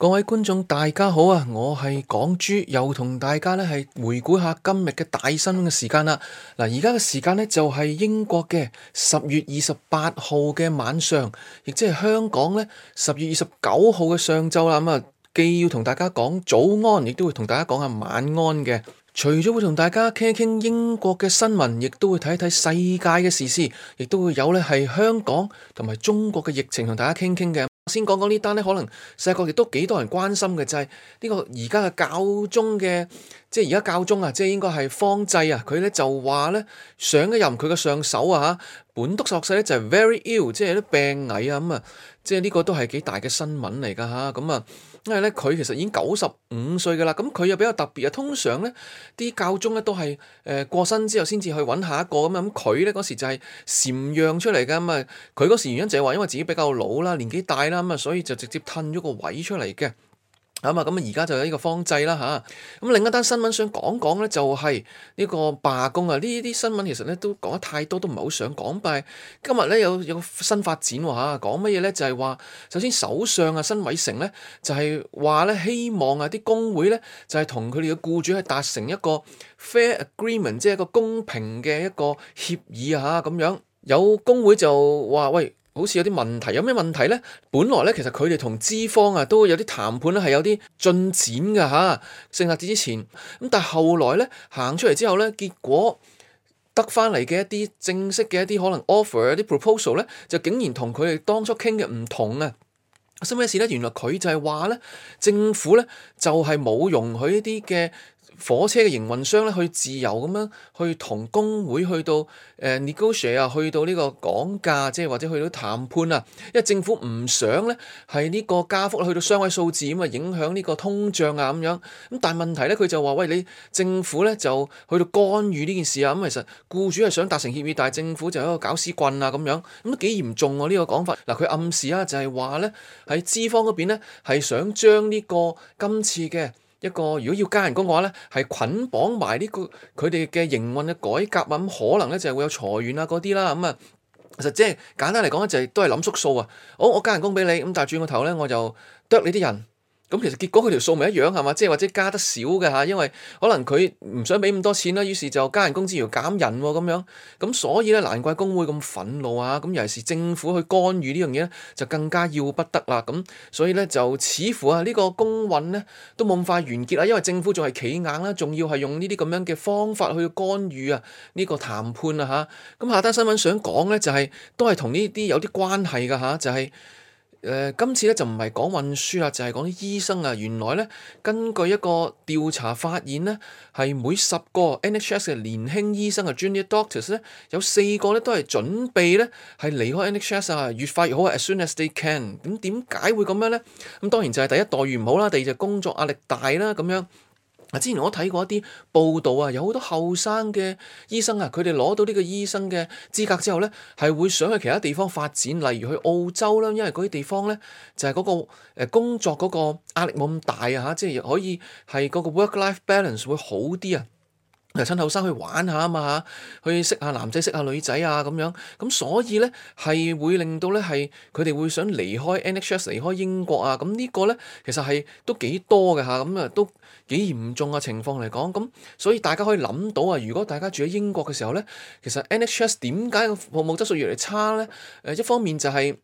各位觀眾，大家好啊！我係港豬，又同大家咧係回顧下今日嘅大新聞嘅時間啦。嗱，而家嘅時間咧就係英國嘅十月二十八號嘅晚上，亦即係香港咧十月二十九號嘅上晝啦。咁啊，既要同大家講早安，亦都會同大家講下晚安嘅。除咗會同大家傾一傾英國嘅新聞，亦都會睇一睇世界嘅時事，亦都會有咧係香港同埋中國嘅疫情同大家傾傾嘅。先講講呢單咧，可能細個亦都幾多人關心嘅就係呢個而家嘅教宗嘅，即係而家教宗啊，即係應該係方濟啊，佢咧就話咧上一任佢嘅上手啊，本篤十六世咧就係 very ill，即係啲病危啊咁啊，即係呢個都係幾大嘅新聞嚟噶嚇咁啊。因為咧，佢其實已經九十五歲㗎喇，咁佢又比較特別啊。通常咧，啲教宗咧都係誒過身之後先至去揾下一個咁啊。咁佢咧嗰時就係禪讓出嚟㗎，咁啊佢嗰時原因就係話，因為自己比較老啦，年紀大啦，咁、嗯、啊，所以就直接褪咗個位出嚟嘅。啊咁啊而家就有呢個方劑啦嚇。咁另一單新聞想講講咧，就係呢個罷工啊。呢啲新聞其實咧都講得太多，都唔係好想講。但係今日咧有有個新發展喎嚇，講乜嘢咧？就係話首先首相啊，辛偉誠咧就係話咧希望啊啲工會咧就係同佢哋嘅僱主係達成一個 fair agreement，即係一個公平嘅一個協議嚇咁樣。有工會就話喂。好似有啲問題，有咩問題呢？本來咧，其實佢哋同資方啊都有啲談判咧，係有啲進展噶嚇，聖誕節之前，咁但係後來咧行出嚟之後咧，結果得返嚟嘅一啲正式嘅一啲可能 offer 一啲 proposal 咧，就竟然同佢哋當初傾嘅唔同啊！發生咩事咧？原來佢就係話咧，政府咧就係冇容許一啲嘅。火車嘅營運商咧，去自由咁樣去同工會去到誒、呃、negotiate 啊，去到呢個講價，即係或者去到談判啊。因為政府唔想咧，係呢個加幅去到雙位數字咁啊，影響呢個通脹啊咁樣。咁但係問題咧，佢就話喂，你政府咧就去到干預呢件事啊。咁、嗯、其實僱主係想達成協議，但係政府就喺度搞屎棍啊咁樣。咁都幾嚴重喎、啊、呢、呢個講法。嗱，佢暗示啊，就係話咧喺資方嗰邊咧係想將呢、呢個今次嘅。一個如果要加人工嘅話咧，係捆綁埋呢、呢個佢哋嘅營運嘅改革啊，咁、嗯、可能咧就係會有裁員啊嗰啲啦，咁啊、嗯，實即係簡單嚟講咧就係都係諗縮數啊。好、哦，我加人工俾你，咁但係轉個頭咧我就剁你啲人。咁其實結果佢條數咪一樣係嘛？即係或者加得少嘅嚇，因為可能佢唔想畀咁多錢啦，於是就加人工資要減人咁樣。咁所以咧，難怪工會咁憤怒啊！咁尤其是政府去干預呢樣嘢咧，就更加要不得啦。咁所以咧，就似乎啊，呢個工運咧都冇咁快完結啦，因為政府仲係企硬啦，仲要係用呢啲咁樣嘅方法去干預啊呢個談判啊嚇。咁、嗯、下單新聞想講咧，就係、是、都係同呢啲有啲關係嘅嚇，就係、是。呃、今次咧就唔係講運輸啦，就係講啲醫生啊。原來咧，根據一個調查發現咧，係每十個 NHS 嘅年輕醫生嘅 Junior Doctors 咧，有四個咧都係準備咧係離開 NHS 啊，越快越好，as soon as they can。咁點解會咁樣咧？咁當然就係第一待遇唔好啦，第二就工作壓力大啦，咁樣。啊！之前我睇過一啲報道啊，有好多後生嘅醫生啊，佢哋攞到呢個醫生嘅資格之後咧，係會想去其他地方發展，例如去澳洲啦，因為嗰啲地方咧就係嗰個誒工作嗰個壓力冇咁大啊嚇，即係可以係嗰個 work-life balance 會好啲啊。誒親後生去玩下啊嘛，去識下男仔識下女仔啊咁樣，咁所以咧係會令到咧係佢哋會想離開 NHS 離開英國啊，咁呢個咧其實係都幾多嘅吓，咁啊都幾嚴重嘅情況嚟講，咁所以大家可以諗到啊，如果大家住喺英國嘅時候咧，其實 NHS 點解個服務質素越嚟越差咧？誒一方面就係、是。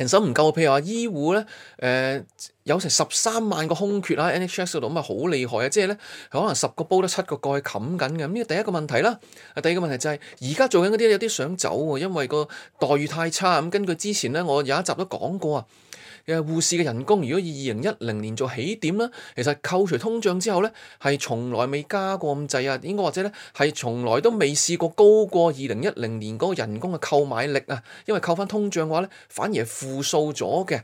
人手唔夠，譬如話醫護咧，誒、呃、有成十三萬個空缺啦，NHS 度咁啊，好厲害啊！即係咧，可能十個煲得七個蓋冚緊嘅。咁、嗯、呢、呢個第一個問題啦，第二個問題就係而家做緊嗰啲有啲想走喎，因為個待遇太差咁、嗯、根據之前咧，我有一集都講過啊。誒護士嘅人工，如果以二零一零年做起點咧，其實扣除通脹之後咧，係從來未加過咁滯啊！應該或者咧係從來都未試過高過二零一零年嗰個人工嘅購買力啊！因為扣翻通脹嘅話咧，反而係負數咗嘅，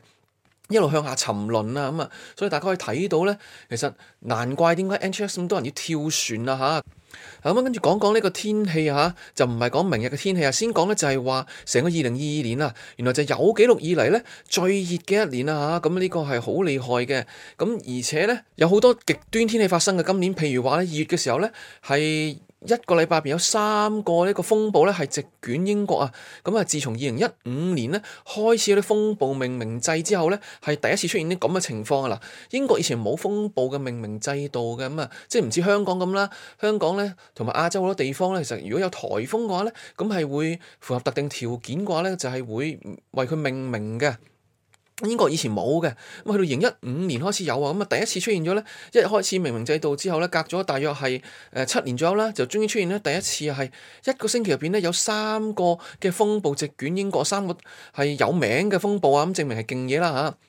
一路向下沉淪啊！咁啊，所以大家可以睇到咧，其實難怪點解 NHS 咁多人要跳船啊！嚇～咁跟住講講呢個天氣吓、啊，就唔係講明日嘅天氣啊，先講咧就係話成個二零二二年啊，原來就有紀錄以嚟咧最熱嘅一年啦吓，咁、啊、呢、呢個係好厲害嘅，咁、啊、而且咧有好多極端天氣發生嘅今年，譬如話咧二月嘅時候咧係。一個禮拜有三個呢個風暴係直捲英國啊！咁啊，自從二零一五年咧開始有啲風暴命名制之後咧，係第一次出現啲咁嘅情況啊！英國以前冇風暴嘅命名制度嘅，咁啊，即係唔似香港咁啦。香港咧同埋亞洲好多地方咧，其實如果有颱風嘅話咧，咁係會符合特定條件嘅話咧，就係會為佢命名嘅。英國以前冇嘅，咁去到二零一五年開始有啊，咁啊第一次出現咗咧，一開始明明制度之後咧，隔咗大約係誒七年左右啦，就終於出現咧第一次係一個星期入邊咧有三個嘅風暴席捲英國，三個係有名嘅風暴啊，咁證明係勁嘢啦嚇。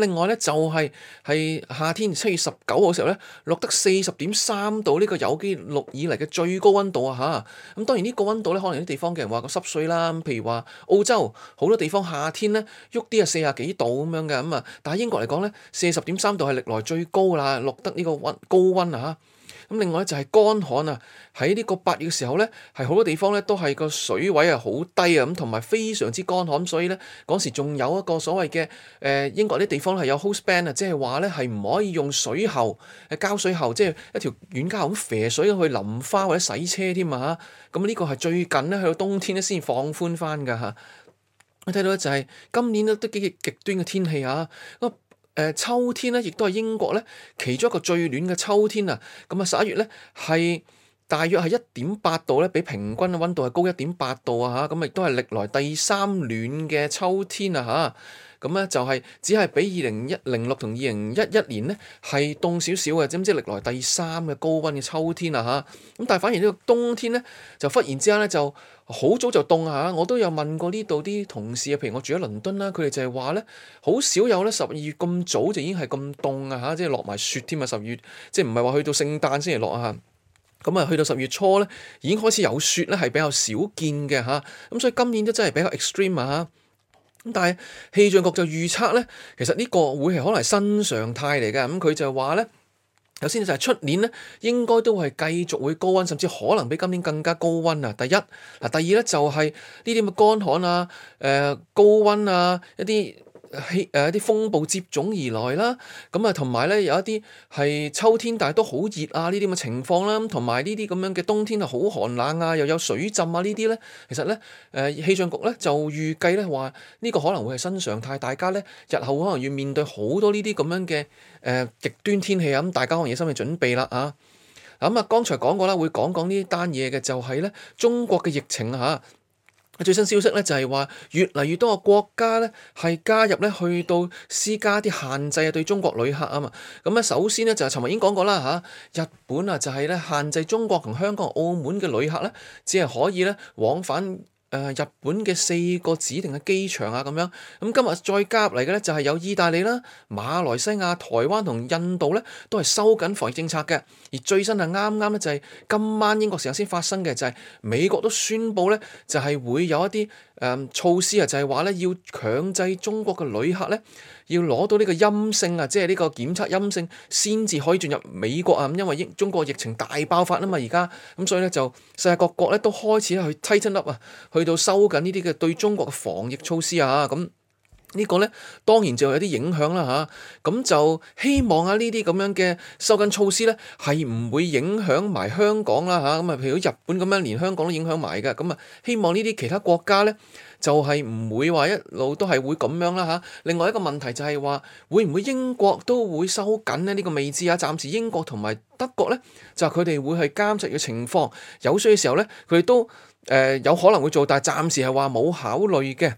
另外咧就係、是、係夏天七月十九號嘅時候咧，錄得四十點三度呢、這個有記錄以嚟嘅最高溫度啊吓，咁當然呢個溫度咧，可能有啲地方嘅人話個濕碎啦，譬如話澳洲好多地方夏天咧喐啲啊四十幾度咁樣嘅咁啊，但係英國嚟講咧，四十點三度係歷來最高啦，錄得呢個溫高溫啊嚇！咁另外就係乾旱啊！喺呢個八月嘅時候咧，係好多地方咧都係個水位啊好低啊，咁同埋非常之乾旱，所以咧嗰時仲有一個所謂嘅誒英國啲地方咧係有 hose ban 啊，即係話咧係唔可以用水喉誒膠水喉，即係一條軟膠咁啡水去淋花或者洗車添啊！咁、這、呢個係最近咧去到冬天咧先放寬返㗎嚇。我、啊、睇到就係今年都都幾極端嘅天氣啊！秋天咧，亦都係英國咧其中一個最暖嘅秋天啊！咁啊十一月咧係大約係一點八度咧，比平均嘅溫度係高一點八度啊！嚇，咁亦都係歷來第三暖嘅秋天啊！嚇。咁咧就係只係比二零一零六同二零一一年咧係凍少少嘅，即係歷來第三嘅高温嘅秋天啊嚇！咁但係反而呢個冬天咧就忽然之間咧就好早就凍嚇、啊，我都有問過呢度啲同事啊，譬如我住喺倫敦啦，佢哋就係話咧好少有咧十二月咁早就已經係咁凍啊嚇，即係落埋雪添啊！十二月即係唔係話去到聖誕先至落啊？咁啊去到十月初咧已經開始有雪咧，係比較少見嘅嚇。咁、啊啊、所以今年都真係比較 extreme 嚇、啊。咁但係氣象局就預測咧，其實呢個會係可能新常態嚟嘅。咁、嗯、佢就話咧，首先就係出年咧應該都係繼續會高温，甚至可能比今年更加高温啊！第一，嗱第二咧就係呢啲咁嘅乾旱啊、誒、呃、高温啊、一啲。誒一啲風暴接踵而來啦，咁啊同埋咧有一啲係秋天，但係都好熱啊呢啲咁嘅情況啦，同埋呢啲咁樣嘅冬天啊好寒冷啊，又有水浸啊呢啲咧，其實咧誒氣象局咧就預計咧話呢個可能會係新常態，大家咧日後可能要面對好多呢啲咁樣嘅誒、呃、極端天氣啊，咁大家可能要心理準備啦嚇。咁啊，剛才講過啦，會講講呢單嘢嘅就係咧中國嘅疫情嚇。啊最新消息咧就係話越嚟越多嘅國家咧係加入咧去到施加啲限制啊對中國旅客啊嘛，咁咧首先咧就係尋日已經講過啦嚇，日本啊就係咧限制中國同香港、澳門嘅旅客咧，只係可以咧往返日本嘅四個指定嘅機場啊，咁樣。咁今日再加入嚟嘅咧，就係有意大利啦、馬來西亞、台灣同印度咧，都係收緊防疫政策嘅。而最新啊啱啱咧，剛剛就係今晚英國時間先發生嘅，就係美國都宣布咧，就係會有一啲誒、嗯、措施啊，就係話咧要強制中國嘅旅客咧。要攞到呢個陰性啊，即係呢個檢測陰性，先至可以進入美國啊！咁因為英中國疫情大爆發啊嘛，而家咁，所以咧就世界各地咧都開始去 tighten up 啊，去到收緊呢啲嘅對中國嘅防疫措施啊咁。嗯個呢個咧當然就有啲影響啦吓，咁、啊、就希望啊呢啲咁樣嘅收緊措施咧係唔會影響埋香港啦吓，咁啊譬如日本咁樣連香港都影響埋嘅，咁啊希望呢啲其他國家咧就係、是、唔會話一路都係會咁樣啦吓、啊，另外一個問題就係話會唔會英國都會收緊咧？呢、這個未知啊，暫時英國同埋德國咧就佢、是、哋會係監察嘅情況，有需要嘅時候咧佢哋都誒有可能會做，但係暫時係話冇考慮嘅。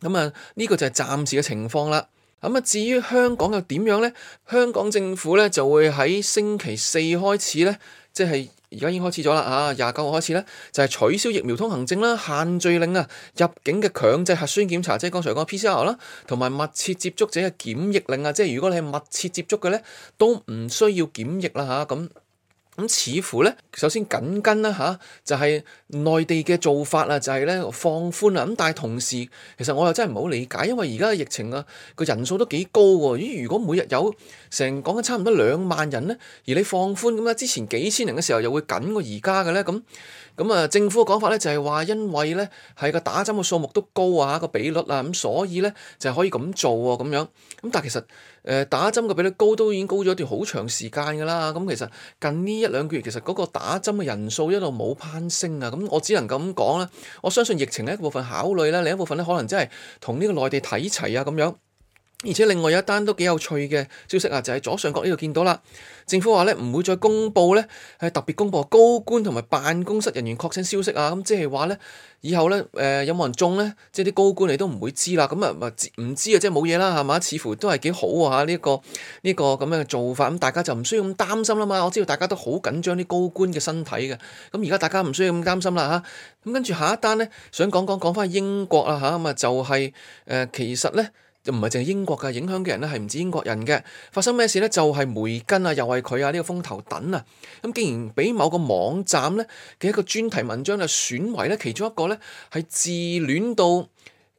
咁啊，呢個就係暫時嘅情況啦。咁啊，至於香港又點樣呢？香港政府咧就會喺星期四開始咧，即係而家已經開始咗啦。嚇，廿九號開始咧，就係取消疫苗通行證啦、限聚令啊、入境嘅強制核酸檢查，即係剛才講嘅 PCR 啦，同埋密切接觸者嘅檢疫令啊，即係如果你係密切接觸嘅咧，都唔需要檢疫啦。吓咁。咁似乎咧，首先緊跟啦嚇，就係內地嘅做法啊，就係咧放寬啊，咁但係同時其實我又真係唔好理解，因為而家嘅疫情啊，個人數都幾高喎，咦？如果每日有成講緊差唔多兩萬人咧，而你放寬咁咧，之前幾千人嘅時候又會緊過而家嘅咧，咁咁啊政府嘅講法咧就係話，因為咧係個打針嘅數目都高啊，個比率啊，咁所以咧就可以咁做喎、啊、咁樣。咁但係其實誒、呃、打針嘅比率高都已經高咗一段好長時間㗎啦。咁其實近呢一兩個月其實嗰個打針嘅人數一路冇攀升啊。咁我只能咁講啦，我相信疫情係一部分考慮啦，另一部分咧可能真係同呢個內地睇齊啊咁樣。而且另外有一單都幾有趣嘅消息啊，就係左上角呢度見到啦。政府話咧唔會再公佈咧，係特別公佈高官同埋辦公室人員確診消息啊。咁即係話咧，以後咧誒有冇人中咧，即係啲高官你都唔會知啦。咁啊唔知啊，即係冇嘢啦，係嘛？似乎都係幾好啊！呢一個呢個咁樣嘅做法，咁大家就唔需要咁擔心啦嘛。我知道大家都好緊張啲高官嘅身體嘅，咁而家大家唔需要咁擔心啦嚇。咁跟住下一單咧，想講講講翻英國啊嚇咁啊，就係誒其實咧。唔係淨係英國嘅影響嘅人咧，係唔止英國人嘅。發生咩事咧？就係、是、梅根啊，又係佢啊，呢、這個風頭等啊。咁竟然俾某個網站咧嘅一個專題文章就選為咧其中一個咧，係自戀狂。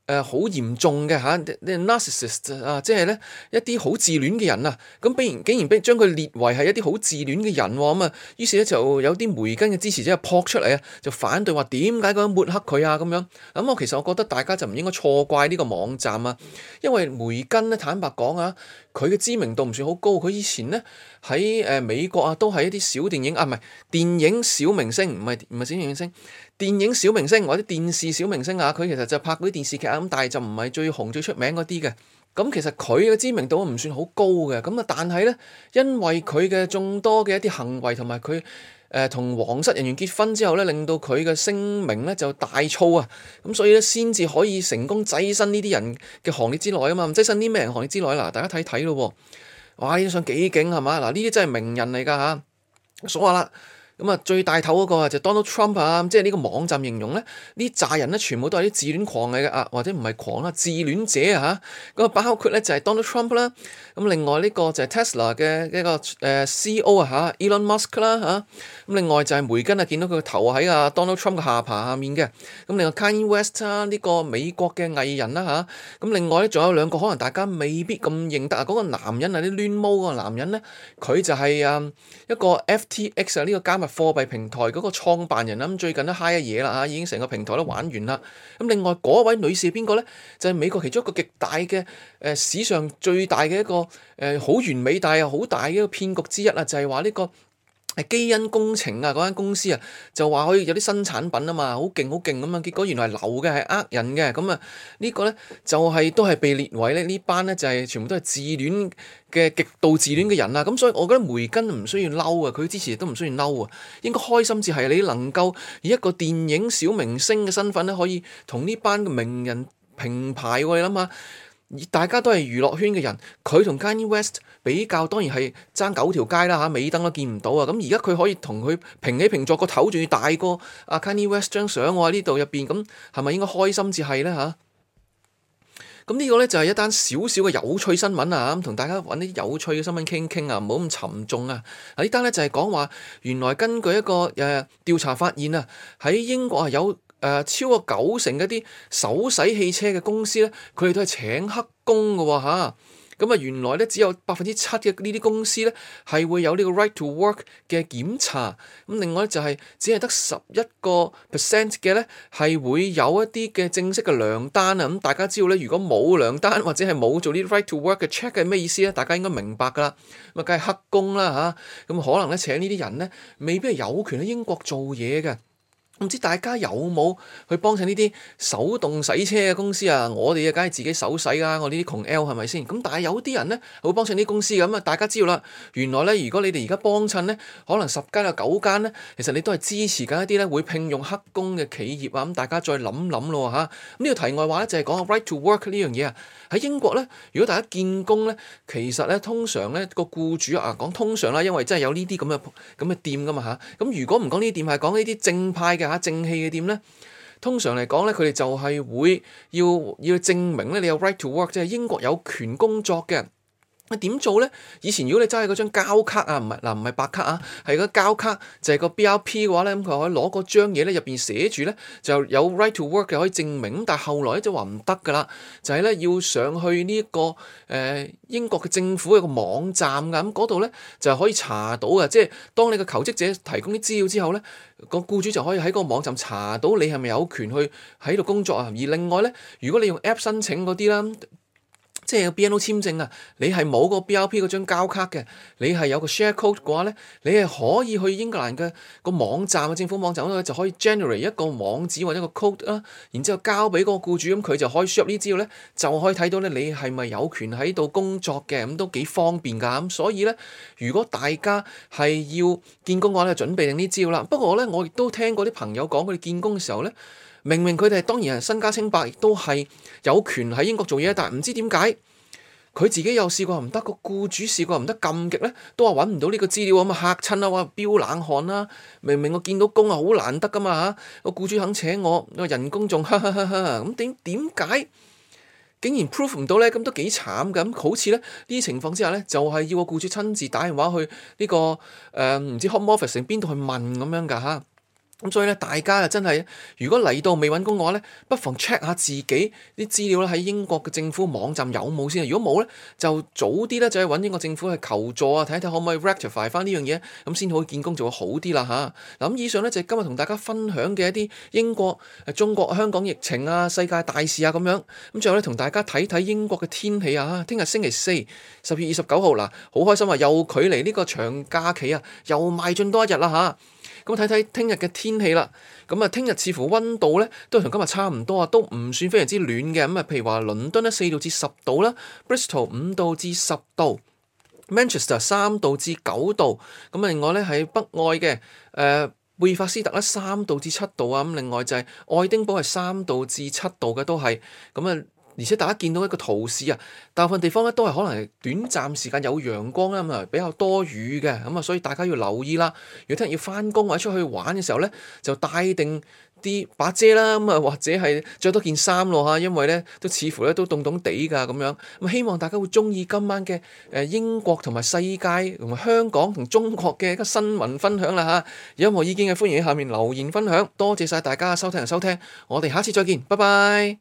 誒好、呃、嚴重嘅嚇，啲 narcissist 啊，即係咧一啲好自戀嘅人啊，咁竟然竟然將佢列為係一啲好自戀嘅人喎，咁啊，於是咧就有啲梅根嘅支持者就撲出嚟啊，就反對話點解咁抹黑佢啊咁樣，咁、啊、我、啊嗯、其實我覺得大家就唔應該錯怪呢個網站啊，因為梅根咧坦白講啊。佢嘅知名度唔算好高，佢以前呢，喺誒美國啊，都係一啲小電影啊，唔係電影小明星，唔係唔係小明星，電影小明星或者電視小明星啊，佢其實就拍過啲電視劇啊，咁但係就唔係最紅最出名嗰啲嘅，咁、嗯、其實佢嘅知名度唔算好高嘅，咁、嗯、啊，但係呢，因為佢嘅眾多嘅一啲行為同埋佢。呃、同皇室人員結婚之後咧，令到佢嘅聲名咧就大噪啊！咁所以咧先至可以成功躋身呢啲人嘅行列之內啊嘛！唔躋身啲咩人行列之內嗱？大家睇睇咯喎！哇，要上幾勁係嘛？嗱，呢啲真係名人嚟㗎吓，數吓啦。咁啊，最大頭嗰個啊，就 Donald Trump 啊，即係呢個網站形容咧，呢啲炸人咧，全部都係啲自戀狂嚟嘅啊，或者唔係狂啦，自戀者啊吓，咁啊，包括咧就係 Donald Trump 啦、啊，咁另外呢個就係 Tesla 嘅一個誒、呃、CEO 啊吓 Elon Musk 啦、啊、吓，咁、啊、另外就係梅根啊，見到佢個頭喺啊 Donald Trump 嘅下巴下面嘅，咁、啊、另外 Kanye West 啊，呢、這個美國嘅藝人啦吓，咁、啊啊、另外咧仲有兩個可能大家未必咁認得啊，嗰個男人、嗰個男人啊、啊，啲攣毛個男人咧，佢就係啊一個 FTX 啊呢、這個加密貨幣平台嗰個創辦人啦，咁最近都嗨咗嘢啦嚇，已經成個平台都玩完啦。咁另外嗰位女士係邊個咧？就係、是、美國其中一個極大嘅誒史上最大嘅一個誒好完美但又好大嘅一個騙局之一啦，就係話呢個。基因工程啊，嗰間公司啊，就話可以有啲新產品啊嘛，好勁好勁咁啊，結果原來係流嘅，係呃人嘅，咁啊、這個、呢個咧就係、是、都係被列為咧呢班咧就係、是、全部都係自戀嘅極度自戀嘅人啦，咁、嗯、所以我覺得梅根唔需要嬲啊，佢之前都唔需要嬲啊，應該開心至係你能夠以一個電影小明星嘅身份咧可以同呢班嘅名人平排喎，你諗下？而大家都係娛樂圈嘅人，佢同 Kanye West 比較，當然係爭九條街啦嚇，尾燈都見唔到啊！咁而家佢可以同佢平起平坐，個頭仲要大過阿 Kanye West 張相，喎，喺呢度入邊，咁係咪應該開心至係呢？吓，咁呢個呢就係一單小小嘅有趣新聞啊！咁同大家揾啲有趣嘅新聞傾傾啊，唔好咁沉重啊！呢單呢就係講話，原來根據一個誒、呃、調查發現啊，喺英國係有。誒，超過九成嗰啲手洗汽車嘅公司咧，佢哋都係請黑工嘅喎嚇。咁啊，原來咧，只有百分之七嘅呢啲公司咧係會有呢個 right to work 嘅檢查。咁另外咧就係、是、只係得十一個 percent 嘅咧係會有一啲嘅正式嘅糧單啊。咁大家知道咧，如果冇糧單或者係冇做呢啲 right to work 嘅 check 係咩意思咧？大家應該明白㗎啦。咁啊，梗係黑工啦嚇。咁可能咧，請呢啲人咧未必係有權喺英國做嘢嘅。唔知大家有冇去幫襯呢啲手動洗車嘅公司啊？我哋啊，梗係自己手洗啦！我呢啲窮 L 係咪先？咁但係有啲人咧，好幫襯啲公司咁啊！大家知道啦，原來咧，如果你哋而家幫襯咧，可能十間啊九間咧，其實你都係支持緊一啲咧會聘用黑工嘅企業啊！咁大家再諗諗咯吓，咁呢個題外話咧，就係講 Right to Work 呢樣嘢啊！喺英國咧，如果大家見工咧，其實咧通常咧個僱主啊講通常啦，因為真係有呢啲咁嘅咁嘅店噶嘛吓，咁、啊、如果唔講呢啲店，係講呢啲正派嘅。打正氣嘅點咧，通常嚟講咧，佢哋就係會要要證明咧，你有 right to work，即係英國有權工作嘅人。喂，點做呢？以前如果你揸起嗰張膠卡啊，唔係嗱，唔係白卡啊，係個膠卡，就係、係、個 B R P 嘅話呢，咁佢可以攞嗰張嘢呢，入邊寫住呢，就有 right to work 嘅可以證明。但係後來呢就話唔得㗎啦，就係呢，要上去呢、呢、一個、呃、英國嘅政府一個網站㗎，咁嗰度呢，就可以查到嘅。即係當你個求職者提供啲資料之後呢，嗰個僱主就可以喺個網站查到你係咪有權去喺度工作啊。而另外呢，如果你用 app 申請嗰啲啦。即係個 BNO 簽證啊，你係冇個 BRP 嗰張膠卡嘅，你係有個 share code 嘅話咧，你係可以去英格蘭嘅個網站啊，政府網站嗰度就可以 generate 一個網址或者一個 code 啊，然之後交俾嗰個僱主，咁佢就可以 check 呢啲資料咧，就可以睇到咧你係咪有權喺度工作嘅，咁都幾方便㗎，咁所以咧，如果大家係要見工嘅話咧，就準備定呢資料啦。不過咧，我亦都聽過啲朋友講，佢哋見工嘅時候咧。明明佢哋係當然係身家清白，亦都係有權喺英國做嘢，但係唔知點解，佢自己又試過唔得，個僱主試過唔得咁極咧，都話揾唔到呢個資料咁啊、嗯、嚇親啦，哇飆冷汗啦！明明我見到工啊好難得㗎嘛嚇，個僱主肯請我，我人工仲咁點，點解竟然 proof 唔到咧？咁、嗯、都幾慘㗎！咁、嗯、好似咧呢啲情況之下咧，就係、是、要個僱主親自打電話去呢、這個誒唔、呃、知 Home Office 定邊度去問咁樣㗎嚇。咁所以咧，大家啊，真係如果嚟到未揾工嘅話咧，不妨 check 下自己啲資料喺英國嘅政府網站有冇先啊。如果冇咧，就早啲咧就去揾英國政府去求助啊，睇一睇可唔可以 rectify 翻呢樣嘢，咁先可以見工就會好啲啦嚇。嗱，咁以上咧就係、是、今日同大家分享嘅一啲英國、誒中國、香港疫情啊、世界大事啊咁樣。咁最後咧同大家睇睇英國嘅天氣啊，聽日星期四十二月二十九號，嗱、啊、好開心啊，又距離呢個長假期啊又邁進多一日啦嚇。咁睇睇聽日嘅天氣啦，咁啊聽日似乎溫度咧都同今日差唔多啊，都唔算非常之暖嘅。咁啊，譬如話倫敦咧四度至十度啦，Bristol 五度至十度，Manchester 三度至九度。咁啊，另外咧喺北愛嘅誒貝爾法斯特咧三度至七度啊，咁另外就係愛丁堡係三度至七度嘅都係咁啊。而且大家見到一個圖示啊，大部分地方咧都係可能短暫時間有陽光啦，咁啊比較多雨嘅，咁啊所以大家要留意啦。如果聽日要返工或者出去玩嘅時候咧，就帶定啲把遮啦，咁啊或者係着多件衫咯嚇，因為咧都似乎咧都凍凍地㗎咁樣。咁希望大家會鍾意今晚嘅誒英國同埋世界同埋香港同中國嘅一個新聞分享啦嚇。有任何意見嘅歡迎喺下面留言分享。多謝晒大家收聽同收聽，我哋下次再見，拜拜。